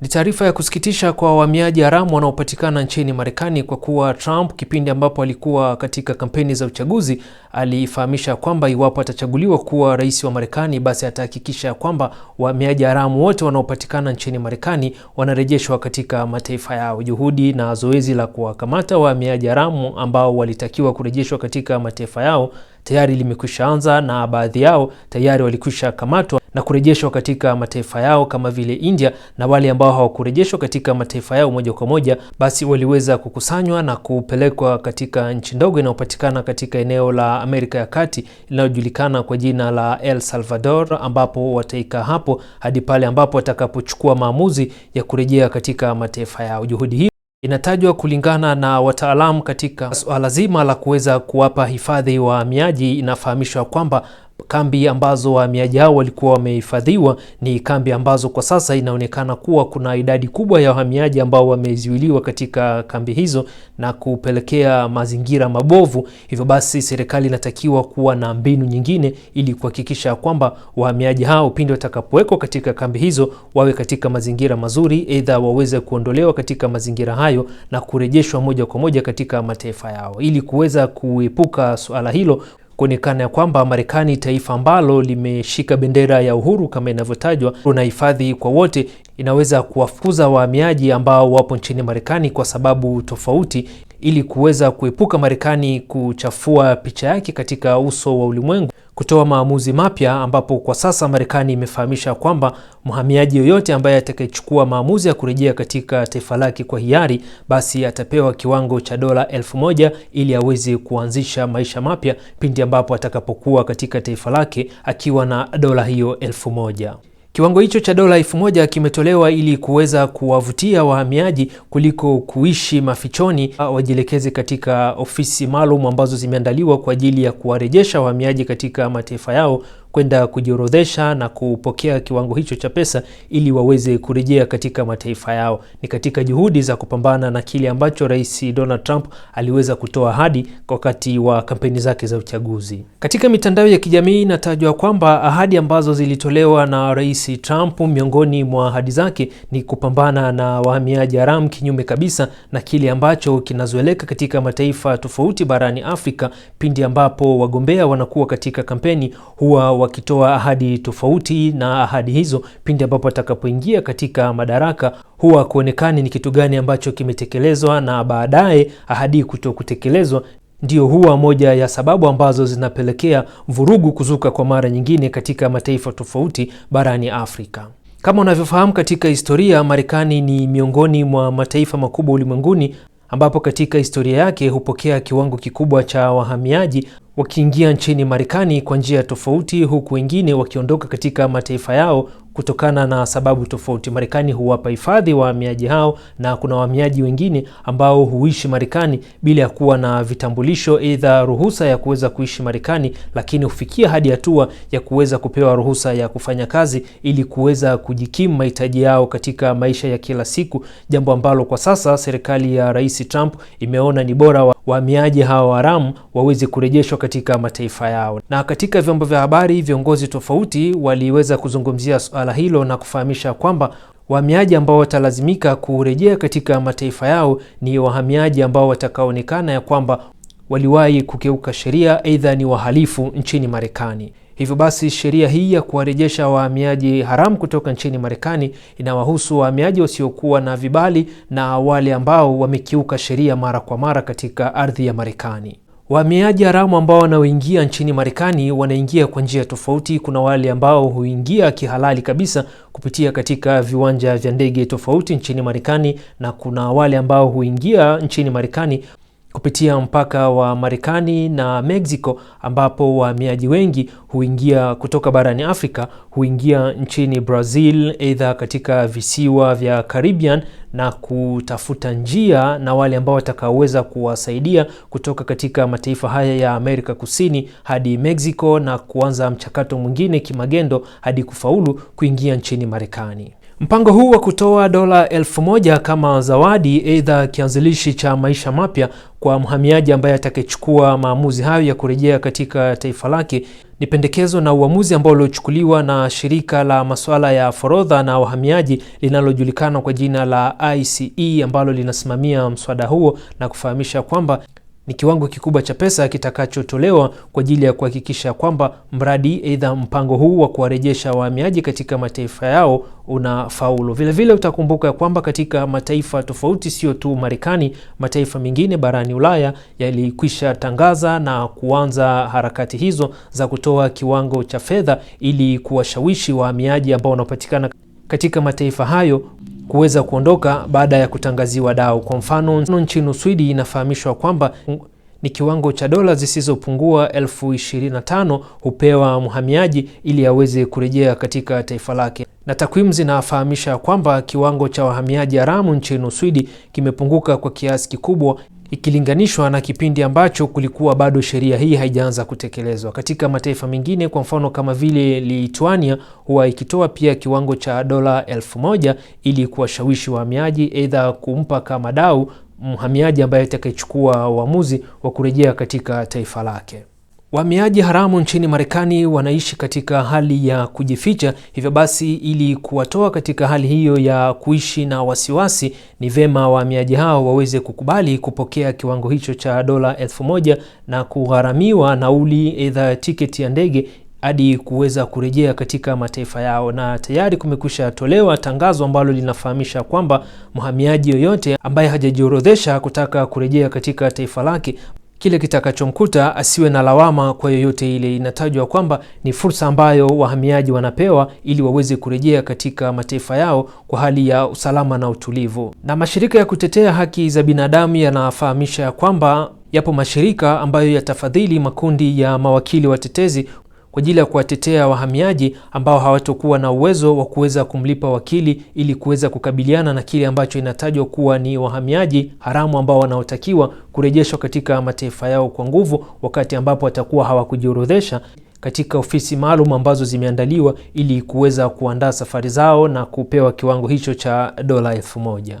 Ni taarifa ya kusikitisha kwa wahamiaji haramu wanaopatikana nchini Marekani kwa kuwa Trump kipindi ambapo alikuwa katika kampeni za uchaguzi alifahamisha kwamba iwapo atachaguliwa kuwa rais wa Marekani basi atahakikisha kwamba wahamiaji haramu wote wanaopatikana nchini Marekani wanarejeshwa katika mataifa yao. Juhudi na zoezi la kuwakamata wahamiaji haramu ambao walitakiwa kurejeshwa katika mataifa yao tayari limekwisha anza na baadhi yao tayari walikwisha kamatwa na kurejeshwa katika mataifa yao kama vile India, na wale ambao hawakurejeshwa katika mataifa yao moja kwa moja, basi waliweza kukusanywa na kupelekwa katika nchi ndogo inayopatikana katika eneo la Amerika ya Kati inayojulikana kwa jina la El Salvador, ambapo wataikaa hapo hadi pale ambapo watakapochukua maamuzi ya kurejea katika mataifa yao. Juhudi hii inatajwa kulingana na wataalamu katika suala zima la kuweza kuwapa hifadhi wahamiaji, inafahamishwa kwamba kambi ambazo wahamiaji hao walikuwa wamehifadhiwa ni kambi ambazo kwa sasa inaonekana kuwa kuna idadi kubwa ya wahamiaji ambao wameziwiliwa katika kambi hizo na kupelekea mazingira mabovu. Hivyo basi, serikali inatakiwa kuwa na mbinu nyingine ili kuhakikisha kwamba wahamiaji hao pindi watakapowekwa katika kambi hizo wawe katika mazingira mazuri, aidha waweze kuondolewa katika mazingira hayo na kurejeshwa moja kwa moja katika mataifa yao ili kuweza kuepuka suala hilo kuonekana ya kwamba Marekani, taifa ambalo limeshika bendera ya uhuru kama inavyotajwa na hifadhi kwa wote, inaweza kuwafukuza wahamiaji ambao wapo nchini Marekani kwa sababu tofauti ili kuweza kuepuka Marekani kuchafua picha yake katika uso wa ulimwengu kutoa maamuzi mapya, ambapo kwa sasa Marekani imefahamisha kwamba mhamiaji yoyote ambaye atakayechukua maamuzi ya kurejea katika taifa lake kwa hiari, basi atapewa kiwango cha dola elfu moja ili aweze kuanzisha maisha mapya pindi ambapo atakapokuwa katika taifa lake akiwa na dola hiyo elfu moja. Kiwango hicho cha dola elfu moja kimetolewa ili kuweza kuwavutia wahamiaji kuliko kuishi mafichoni, wajielekeze katika ofisi maalum ambazo zimeandaliwa kwa ajili ya kuwarejesha wahamiaji katika mataifa yao kwenda kujiorodhesha na kupokea kiwango hicho cha pesa ili waweze kurejea katika mataifa yao. Ni katika juhudi za kupambana na kile ambacho Rais Donald Trump aliweza kutoa ahadi wakati wa kampeni zake za uchaguzi. Katika mitandao ya kijamii inatajwa kwamba ahadi ambazo zilitolewa na Rais Trump, miongoni mwa ahadi zake ni kupambana na wahamiaji haramu, kinyume kabisa na kile ambacho kinazoeleka katika mataifa tofauti barani Afrika, pindi ambapo wagombea wanakuwa katika kampeni huwa wakitoa ahadi tofauti na ahadi hizo pindi ambapo atakapoingia katika madaraka huwa kuonekani ni kitu gani ambacho kimetekelezwa na baadaye ahadi kuto kutekelezwa ndio huwa moja ya sababu ambazo zinapelekea vurugu kuzuka kwa mara nyingine katika mataifa tofauti barani Afrika. Kama unavyofahamu, katika historia Marekani ni miongoni mwa mataifa makubwa ulimwenguni ambapo katika historia yake hupokea kiwango kikubwa cha wahamiaji wakiingia nchini Marekani kwa njia tofauti, huku wengine wakiondoka katika mataifa yao kutokana na sababu tofauti. Marekani huwapa hifadhi wahamiaji hao, na kuna wahamiaji wengine ambao huishi Marekani bila ya kuwa na vitambulisho aidha ruhusa ya kuweza kuishi Marekani, lakini hufikia hadi hatua ya kuweza kupewa ruhusa ya kufanya kazi ili kuweza kujikimu mahitaji yao katika maisha ya kila siku, jambo ambalo kwa sasa serikali ya Rais Trump imeona ni bora wahamiaji hawa haramu waweze kurejeshwa katika mataifa yao. Na katika vyombo vya habari, viongozi tofauti waliweza kuzungumzia suala hilo na kufahamisha kwamba wahamiaji ambao watalazimika kurejea katika mataifa yao ni wahamiaji ambao watakaonekana ya kwamba waliwahi kukeuka sheria, aidha ni wahalifu nchini Marekani. Hivyo basi sheria hii ya kuwarejesha wahamiaji haramu kutoka nchini Marekani inawahusu wahamiaji wasiokuwa na vibali na wale ambao wamekiuka sheria mara kwa mara katika ardhi ya Marekani. Wahamiaji haramu ambao wanaoingia nchini Marekani wanaingia kwa njia tofauti. Kuna wale ambao huingia kihalali kabisa kupitia katika viwanja vya ndege tofauti nchini Marekani, na kuna wale ambao huingia nchini Marekani kupitia mpaka wa Marekani na Mexico, ambapo wahamiaji wengi huingia kutoka barani Afrika huingia nchini Brazil, aidha katika visiwa vya Caribbean na kutafuta njia na wale ambao watakaoweza kuwasaidia kutoka katika mataifa haya ya Amerika Kusini hadi Mexico na kuanza mchakato mwingine kimagendo hadi kufaulu kuingia nchini Marekani. Mpango huu wa kutoa dola elfu moja kama zawadi, aidha kianzilishi cha maisha mapya kwa mhamiaji ambaye atakayechukua maamuzi hayo ya kurejea katika taifa lake, ni pendekezo na uamuzi ambao uliochukuliwa na shirika la masuala ya forodha na wahamiaji linalojulikana kwa jina la ICE ambalo linasimamia mswada huo na kufahamisha kwamba ni kiwango kikubwa cha pesa kitakachotolewa kwa ajili ya kuhakikisha kwamba mradi aidha mpango huu wa kuwarejesha wahamiaji katika mataifa yao unafaulu. Vilevile utakumbuka kwamba katika mataifa tofauti, sio tu Marekani, mataifa mengine barani Ulaya yalikwisha tangaza na kuanza harakati hizo za kutoa kiwango cha fedha ili kuwashawishi wahamiaji ambao wanapatikana katika mataifa hayo kuweza kuondoka baada ya kutangaziwa dau. Kwa mfano, nchini Uswidi inafahamishwa kwamba ni kiwango cha dola zisizopungua elfu hupewa mhamiaji ili aweze kurejea katika taifa lake, na takwimu zinafahamisha kwamba kiwango cha wahamiaji haramu nchini Uswidi kimepunguka kwa kiasi kikubwa ikilinganishwa na kipindi ambacho kulikuwa bado sheria hii haijaanza kutekelezwa. Katika mataifa mengine, kwa mfano kama vile Lithuania, huwa ikitoa pia kiwango cha dola elfu moja ili kuwashawishi wahamiaji, aidha kumpa kama dau mhamiaji ambaye atakayechukua uamuzi wa kurejea katika taifa lake. Wahamiaji haramu nchini Marekani wanaishi katika hali ya kujificha, hivyo basi ili kuwatoa katika hali hiyo ya kuishi na wasiwasi, ni vyema wahamiaji hao waweze kukubali kupokea kiwango hicho cha dola elfu moja na kugharamiwa nauli, aidha tiketi ya ndege hadi kuweza kurejea katika mataifa yao. Na tayari kumekwisha tolewa tangazo ambalo linafahamisha kwamba mhamiaji yoyote ambaye hajajiorodhesha kutaka kurejea katika taifa lake kile kitakachomkuta asiwe na lawama kwa yoyote ile. Inatajwa kwamba ni fursa ambayo wahamiaji wanapewa ili waweze kurejea katika mataifa yao kwa hali ya usalama na utulivu. Na mashirika ya kutetea haki za binadamu yanafahamisha ya kwamba yapo mashirika ambayo yatafadhili makundi ya mawakili watetezi kwa ajili ya kuwatetea wahamiaji ambao hawatokuwa na uwezo wa kuweza kumlipa wakili ili kuweza kukabiliana na kile ambacho inatajwa kuwa ni wahamiaji haramu ambao wanaotakiwa kurejeshwa katika mataifa yao kwa nguvu, wakati ambapo watakuwa hawakujiorodhesha katika ofisi maalum ambazo zimeandaliwa ili kuweza kuandaa safari zao na kupewa kiwango hicho cha dola elfu moja.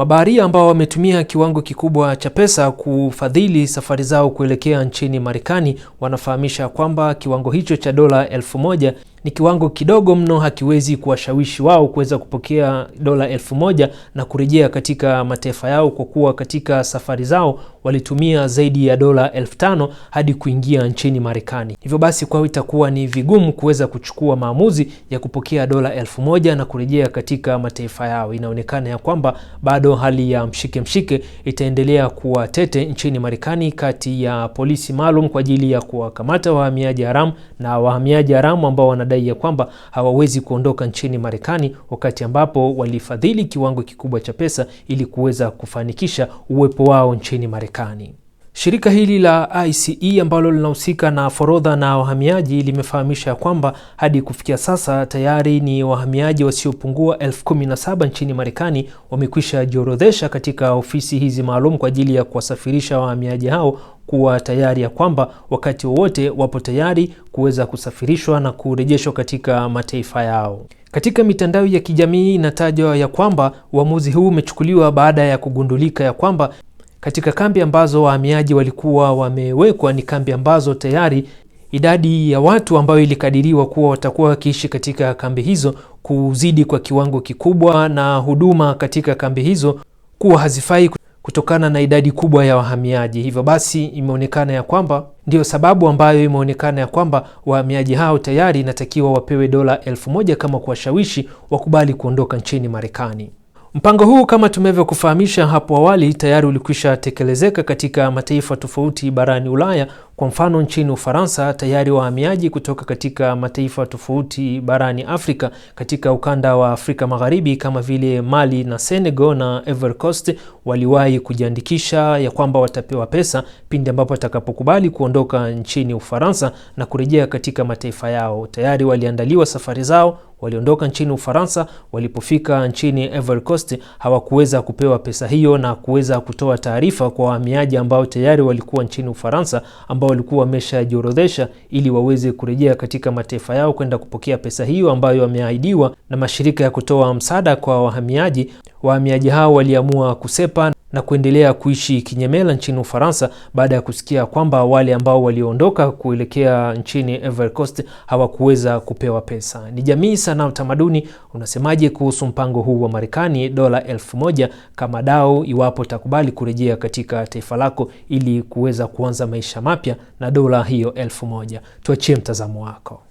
Mabaharia ambao wametumia kiwango kikubwa cha pesa kufadhili safari zao kuelekea nchini Marekani wanafahamisha kwamba kiwango hicho cha dola elfu moja ni kiwango kidogo mno, hakiwezi kuwashawishi wao kuweza kupokea dola elfu moja na kurejea katika mataifa yao, kwa kuwa katika safari zao walitumia zaidi ya dola elfu tano hadi kuingia nchini Marekani. Hivyo basi kwao itakuwa ni vigumu kuweza kuchukua maamuzi ya kupokea dola elfu moja na kurejea katika mataifa yao. Inaonekana ya kwamba bado hali ya mshike mshike itaendelea kuwa tete nchini Marekani kati ya polisi maalum kwa ajili ya kuwakamata wahamiaji haramu na wahamiaji haramu ambao wana madai ya kwamba hawawezi kuondoka nchini Marekani wakati ambapo walifadhili kiwango kikubwa cha pesa ili kuweza kufanikisha uwepo wao nchini Marekani. Shirika hili la ICE ambalo linahusika na forodha na wahamiaji limefahamisha ya kwamba hadi kufikia sasa tayari ni wahamiaji wasiopungua elfu kumi na saba nchini Marekani wamekwisha jiorodhesha katika ofisi hizi maalum kwa ajili ya kuwasafirisha wahamiaji hao kuwa tayari ya kwamba wakati wowote wapo tayari kuweza kusafirishwa na kurejeshwa katika mataifa yao. Katika mitandao ya kijamii inatajwa ya kwamba uamuzi huu umechukuliwa baada ya kugundulika ya kwamba katika kambi ambazo wahamiaji walikuwa wamewekwa ni kambi ambazo tayari idadi ya watu ambayo ilikadiriwa kuwa watakuwa wakiishi katika kambi hizo kuzidi kwa kiwango kikubwa, na huduma katika kambi hizo kuwa hazifai kutokana na idadi kubwa ya wahamiaji. Hivyo basi, imeonekana ya kwamba ndiyo sababu ambayo imeonekana ya kwamba wahamiaji hao tayari inatakiwa wapewe dola elfu moja kama kuwashawishi wakubali kuondoka nchini Marekani. Mpango huu kama tumevyokufahamisha hapo awali tayari ulikwisha tekelezeka katika mataifa tofauti barani Ulaya kwa mfano, nchini Ufaransa tayari wahamiaji kutoka katika mataifa tofauti barani Afrika katika ukanda wa Afrika Magharibi kama vile Mali na Senegal na Ivory Coast waliwahi kujiandikisha ya kwamba watapewa pesa pindi ambapo watakapokubali kuondoka nchini Ufaransa na kurejea katika mataifa yao. Tayari waliandaliwa safari zao waliondoka nchini Ufaransa. Walipofika nchini Ivory Coast hawakuweza kupewa pesa hiyo na kuweza kutoa taarifa kwa wahamiaji ambao tayari walikuwa nchini Ufaransa ambao walikuwa wameshajiorodhesha ili waweze kurejea katika mataifa yao kwenda kupokea pesa hiyo ambayo wameahidiwa na mashirika ya kutoa msaada kwa wahamiaji. Wahamiaji hao waliamua kusepa na kuendelea kuishi kinyemela nchini Ufaransa baada ya kusikia kwamba wale ambao walioondoka kuelekea nchini Ivory Coast hawakuweza kupewa pesa. Ni jamii sana utamaduni, unasemaje kuhusu mpango huu wa Marekani dola elfu moja kama dao iwapo takubali kurejea katika taifa lako ili kuweza kuanza maisha mapya na dola hiyo elfu moja? Tuachie mtazamo wako.